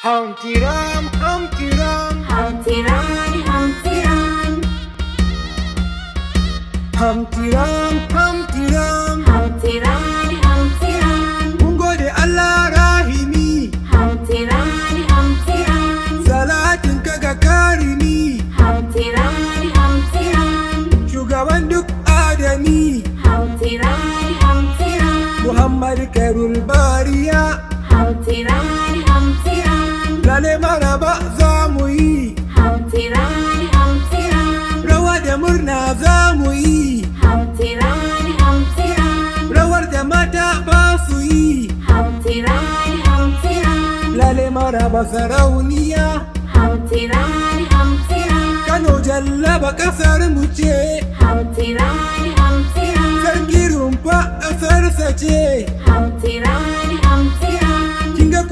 Humpty Ram, Humpty Ram, Humpty Ram, Humpty Ram. Humpty Ram, Humpty Ram, Humpty Ram, duk adami. Muhammad Karul maraba za mu yi hamtiran hamtiran rawa da murna za mu rawar da mata ba su yi hamtiran hamtiran lale sarauniya hamtiran kano jallaba kasar ce hamtiran hamtiran rumfa ƙasarsa ce hamtiran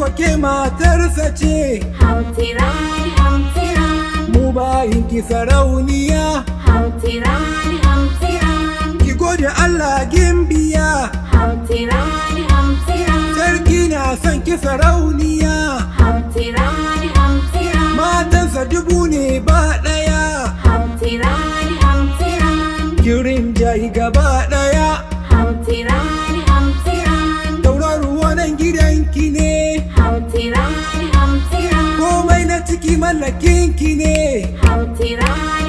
ko ke matarsa ce Hautiran, hautiran Mu bayin ki sarauniya Hautiran, hautiran Ki gode Allah gimbiya Hautiran, hautiran Sarki na son ki sarauniya Hautiran, hautiran Matansa dubu ne ba ɗaya Hautiran, hautiran Kirin jai gaba ɗaya Hautiran Kinky Day. Humpty